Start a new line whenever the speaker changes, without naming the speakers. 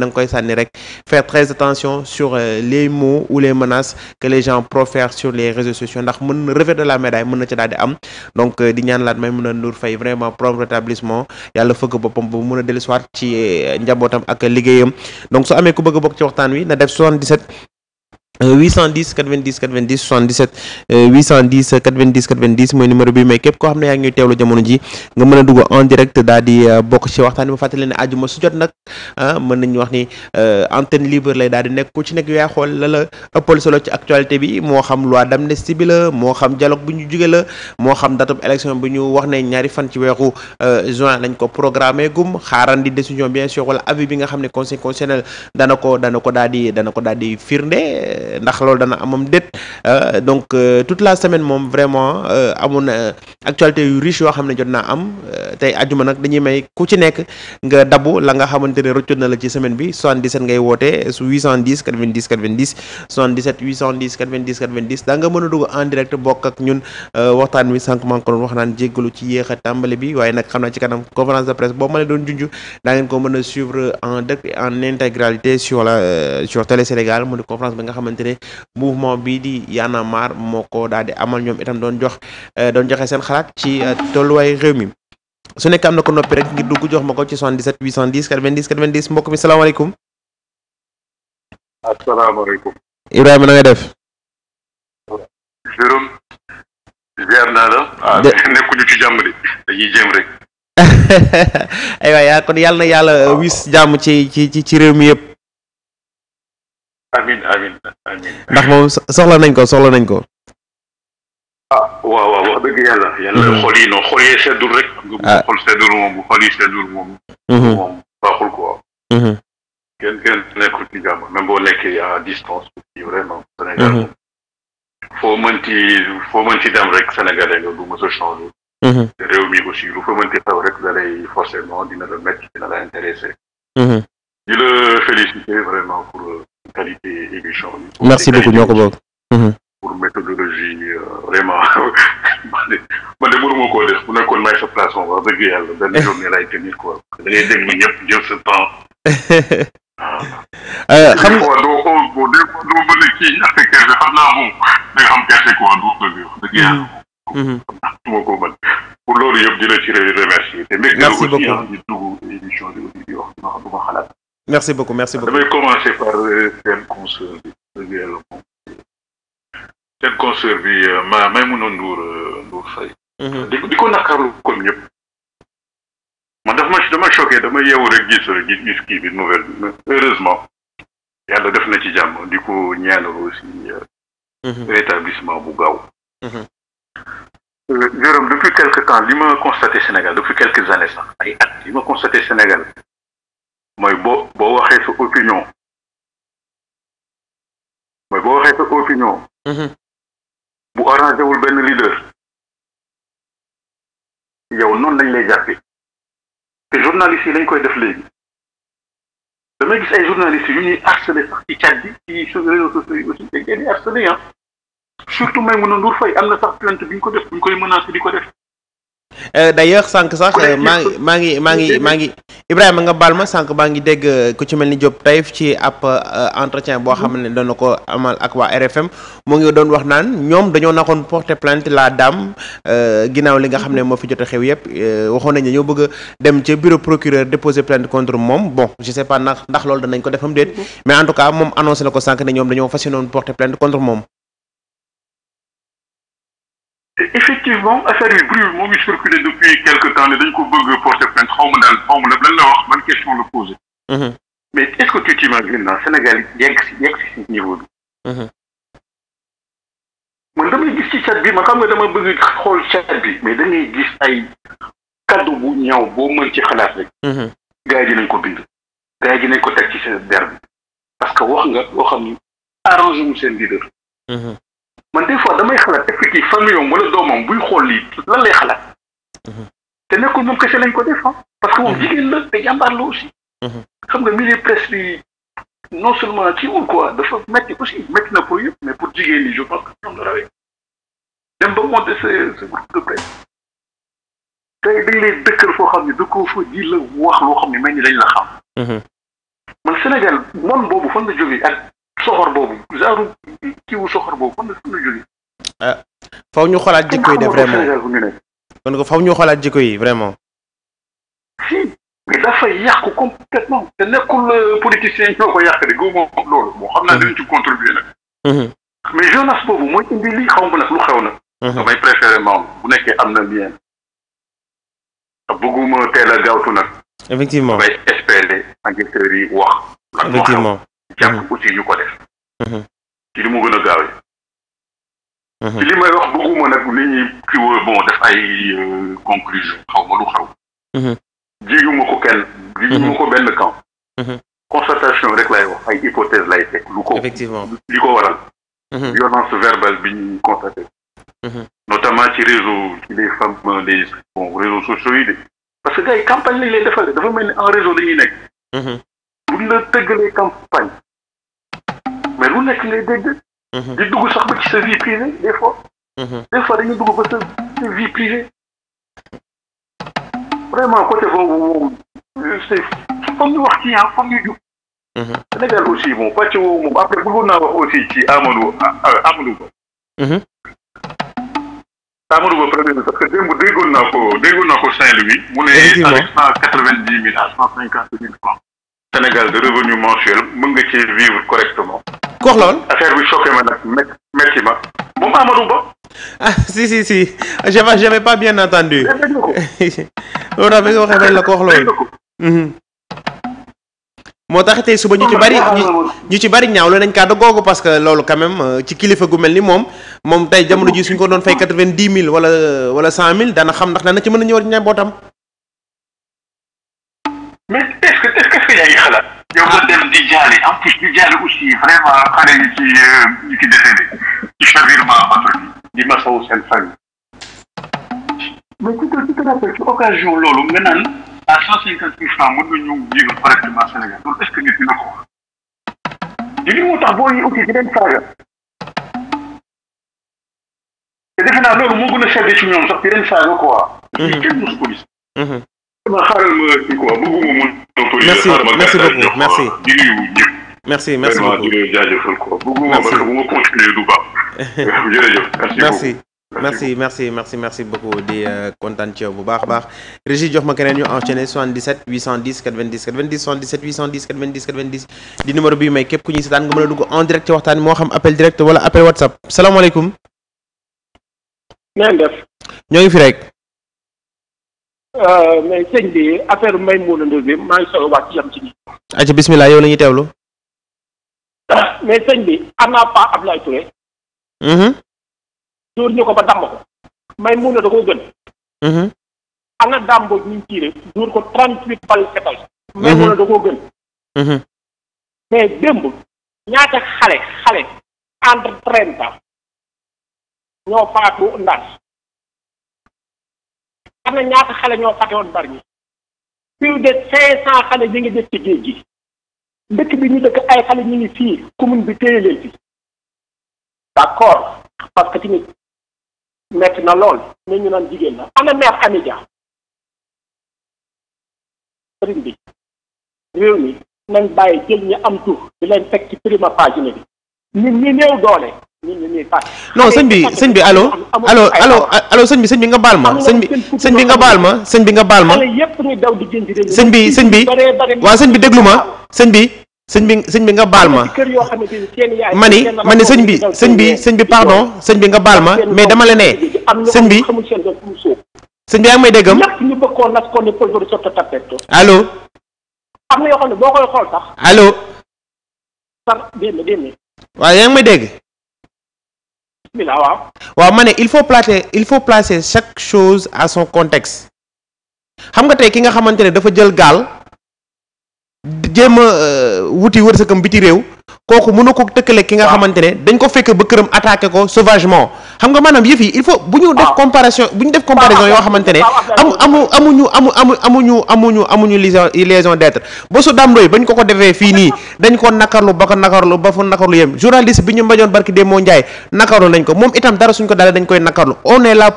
da nga koy sànni rek faire très attention sur euh, les mots ou les menaces que les gens profèrent sur les réseaux sociaux ndax mën na revers de la médaille mën na ca daal di am donc euh, di ñaan laat may mun a Ndour fay vraiment prompt rétablissement yàlla fëgg boppam ba mën a dellusiwaat ci euh, njabootam ak liggéeyam donc su amee ku bëgg a bokk ci waxtaan wi na def 77 810 90 90 77 810 90 90 mooy numéro bi may képp koo xam ne yaa ngi ñuy teewlu jamono ji nga mën a dugg en direct daal di euh, bokk ci waxtaan bi ma leen ne àjjuma jot nag ah mën nañu wax ni euh, antenne liber lay daal di nekk ku ci nekk yaa xool la la ëppal solo ci actualité bi moo xam loi d'amnistie bi la moo xam dialogue bu ñu jóge la moo xam date élection bi ñu wax ne ñaari fan ci weeru euh, join lañ ko programmé gum xaarandi décision bien sûr wala bi nga xam ne conseil constitutionnel dana ko dana ko daal di dana ko daal di firnde ndax loolu dana amam déet euh, donc euh, toute la semaine moom vraiment euh, amoon na actualité yu riche yoo xam ne jot naa am tey ajuma nag dañuy may ku ci nekk nga dabu la nga xamante ne rëccoon na la ci semaine bi 77 ngay woote su 810 90 90 77 810 90 90 daa nga mën a dugg en direct bokk ak ñun waxtaan wi sànq maa ngi ko doon wax naan jéggalu ci yéex tàmbali bi waaye nag xam naa ci kanam conférence de presse boo a suivre en direct en intégralité sur la sur Télé Sénégal xamante mouvement bi di Y'en a marre moo ko daal di amal ñoom itam doon jox euh, doon joxe seen xalaat ci euh, tolluwaay réew mi su nekk am na ko noppi rek ngir dugg jox ma ko ci 77 810 90 90 mbokk mi salaamaaleykum.
asalaamaaleykum.
Ibrahima na nga def.
Jérôme. ziar naa la. ah nekkuñu ci jàmm de dañuy
jéem yaa kon yàlla yàlla euh, ah. wis jàmm ci ci réew mi yëpp. amin amin amin ndax moom soxla nañ ko soxla nañ ko.
ah waaw waaw wax dëgg yàlla. yàlla mhm. xol yi non xol yee seddul rek.
ah xol seddul moom bu xol yi seddul moom. Mhm. moom baaxul quoi. Mhm. kenn
ci distance aussi vraiment. Sénégal foo mënti foo mënti dem rek sénégalais nga du mos a changé. te réew mi aussi lu fa la métti dina
di
la féliciter vraiment pour. Euh, qualité émission bi. merci beaucoup ñoo ko bokk. pour
méthodologie euh, vraiment man de man de mënuma koo def bu nekkoon may sa place
moom wax dëgg yàlla benn eh. journée lay tenir quoi. da ngay déglu ñëpp jël sa temps.
Euh, xam nga ko
mën pour loolu yëpp ah, di la ci remercier. merci beaucoup xalaat.
merci beaucoup merci beaucoup damay
commencer par seen euh, consoeur bi dëgg yàlla moom seen consoeur bi ma may mun a Ndour euh, Ndour Faye di mhm. di ko ñëpp man daf ma dama choqué dama yeewu rek gis gis kii bi nouvelle bi heureusement yàlla def na ci jàmm di ko ñaanal aussi euh, mhm. rétablissement bu gaaw mhm. Jérôme depuis quelque temps li ma constaté Sénégal depuis quelques années sax ay at li ma constaté Sénégal mooy boo boo waxee sa opinion mooy boo waxee sa opinion. Mm-hmm. bu arrangé benn leader yow noonu lañ lay jàppee te journalistes yi lañ koy def léegi damay gis ay journalistes yu ñuy harcelé sax ci chat bi ci réseaux sociaux yi aussi dañ leen di harcelé ah surtout Maïmouna Ndour Faye am na sax plainte bi ñu ko def bu koy menacé di ko def.
day euh, d'ailleurs sànq sax euh, maa ngi maa ngi maa ngi maa ngi Ibrahima nga baal ma sànq maa ngi dégg euh, ku ci mel ni Diop Taïf ci ab entretien boo xam ne doon na ko amal ak waa RFM mu ngi doon wax naan ñoom dañoo nakoon porter plainte la dame ginnaaw li nga xam ne moo fi jot a xew yëpp waxoon nañ ñoo bëgg a dem ca bureau procureur déposer plainte contre moom bon je sais pas ndax ndax loolu danañ ko defam déet mm-hmm. mais en moom annoncé na ko sànq ne ñoom dañoo fas yéenoon
effectivement affaire bi bruit moo ngi circulé depuis quelque temps ne dañ ko bëgg porter plainte xaw ma daal xaw ma la wax man question la posé mm-hmm. mais est-ce que tu t'imagines naa ah, Sénégal yegg si yegg si si niveau bi mm-hmm. man damay gis ci chat bi ma xam nga dama bëgg xool chat bi mais da ngay ay kaddu bu ñaaw boo mën ci xalaat rek
mm-hmm. gars yi dinañ ko bind
gars yi ko teg ci seen der parce que wax nga loo xam ni arrangé mu seen leader man des fois damay xalaat est-ce que kii wala doomam buy xool lii lan lay xalaat. Mhm. te nekkul moom kese lañ ko def ah. parce que moom mhm. jigéen la te jàmbaar la aussi. Mhm. xam nga milieu presse bi non seulement ci wul quoi dafa métti aussi métti na pour yëpp mais pour jigéen ñi je pense que ñoom la rawee dem ba monter ce ce groupe de presse tey dañ lay dëkkal foo xam ne dëkkoo foo ji la wax loo xam ne mel ni la
xam.
man Sénégal moom boobu fan la jógee ak soxor boobu genre kiiwu soxor boobu fan la
ah, fan la ñu xoolaat jikko yi vraiment kon ko faw ñu xoolaat jikko yi vraiment.
si dafay yàqu complètement te nekkul euh, politicien yi ñoo ko yàq de góob moom loolu moo xam naa mhm. dinañ ci contribuer nag. Mhm. mais jeunesse boobu mooy indi lii xaw ma nag lu xew nag. Mhm. damay préféré maam bu nekkee am na bien. bëgguma teel a gaawtu nag.
effectivement damay
espérer enquêteurs yi wax.
effectivement. jàpp
mhm. aussi ñu ko def mhm. ci li mu gën a gaawee mhm. ci li may wax bëgguma nag nit ñi ki woo bon def ay euh, conclusion xaw ma lu xaw jiguma ko kenn jiguma ko benn camp constatation rek lay wax ay hypothèse lay teg lu ko effectivement li ko waral violence verbale bi ñu constaté notamment ci réseau ci les femmes les bon réseaux sociaux yi de parce que gars yi campagne lañ lay defal dafa mel ni en réseau dañuy nekk buñ la tëggalee campagne mais lu nekk ngay dégg. Mhm. di dugg sax ba ci sa vie privée
des fois.
Mhm.
des fois dañuy dugg ba sa sa vie privée vraiment côté boobu moom c'est foog ñu wax ci ah foog ñu jub. Mhm. Sénégal aussi moom pàcc woowu moom après bëggoon naa wax aussi ci Amadou euh, Amadou Ba. Amadou Ba premier ministre parce que démb déggoon naa ko déggoon naa ko Saint-Louis. mu ne avec cent quatre vingt dix mille à cent cinquante mille francs. Sénégal de revenu mensuel mën nga ci vivre correctement. ku lool affaire bi choqué ma nag métti ma
moom Amadou Ba. ah si si si j'avais j'avais pas bien entendu. loolu daal bi nga waxee man la ko wax loolu. Mhm. moo tax tey suba ñu ci bari ñu ci bari ñaaw la nañ kàddu googu parce que loolu quand même euh, ci kilifa gu mel ni moom moom tey jamono ji suñ ko doon fey quatre-vingt-dix mille wala wala cent mille dana xam ndax dana ci mën a ñëw ña bootam.
mais eh, ñu ko dem
di jaale en plus di jaale aussi vraiment xale yi ci euh, ñu ci décédé ci chavirement bateau di masawu seen famille. mais tout à tout à fait ci occasion loolu nga naan à cent cinquante mille francs mën nañu vivre correctement Sénégal loolu est ce que nit dina ko wax.
li li moo tax boo yi aussi di leen saaga.
te defe naa loolu moo gën a seetlu ci ñoom sax di leen saaga quoi. Mm-hmm. kenn mosu ko gis. dama mm-hmm. xaaral ma kii quoi
merci merci beaucoup merci merci merci beaucoup jaajëfal ko bëgguma parce que bu ma continuer du baax jërëjëf merci merci merci merci merci beaucoup di euh, kontaan ci yow bu baax a baax Régis jox ma keneen ñu enchaîné 77 810 90 90 77 810 90 90 di numéro bi may képp ku ñuy seetaan nga mën a dugg en direct ci waxtaan moo xam appel direct wala appel whatsapp salaamaaleykum. na ngi fi rek.
Euh, mais sëñ bi affaire Maimouna Ndour bi maa ngi soog a wax ci yam
ci la ñuy teewlu.
mais sëñ bi am naa Pa Abdoulaye Touré. Mm-hmm. dóor ñu ko ba dàmb ko. Maimouna da koo gën. Mm-hmm. ana dàmbo ñu ngi tiire ko trente huit bal setal. Mm-hmm. Maimouna da koo gën. mais démb ñaata xale xale entre trente ans ñoo faatu ndax. xam ne ñaata xale ñoo fàtte woon bari ñi plus de cinq cent xale ñu ngi des ci géej gi dëkk bi ñu dëkk ay xale ñu ngi fii commune bi téye leen d'accord parce que tamit metti na lool mais ñu naan jigéen la ana mère Amidia sëriñ bi réew mi nañ bàyyi jël ñu am tur di leen teg ci prima pagine bi ñun ñi néew doole non sëñ bi sëñ bi allo alo alo
allo sëñ bi sëñ bi nga baal ma sëñ bi sëñ bi nga baal ma sëñ bi nga baal ma
sëñ bi sëñ bi waaw sëñ bi déglu ma
sëñ bi sëñ bi sëñ bi nga baal ma
ma ni ma ni sëñ bi sëñ bi sëñ bi pardon
sëñ bi nga baal ma mais dama la nee sëñ bi sëñ bi yaa ngi may déggam allo allo waaw yaa ngi may dégg bismillah waaw. waaw ma ne il faut placer il faut placer chaque chose à son contexte xam nga tey ki nga xamante ne dafa jël gaal. jéem a euh, wuti wërsëgam biti réew kooku mënu ko tëkkale ki nga xamante ne dañ ko fekk ba këram attaqué ko sauvagement xam nga maanaam yëf yi il faut bu ñu def comparaison bu ñu def comparaison yoo xamante ne amu amu amuñu amu amu amuñu amuñu amuñu d'être ba su Dame Ndoye bañ ko ko defee fii nii dañ ko nakarlu ba ko nakarlu ba fu nakarlu yem journaliste bi ñu mbañoon barki Demba Ndiaye nakarlu nañ ko moom
itam dara suñ ko dalee dañ koy nakarlu on est là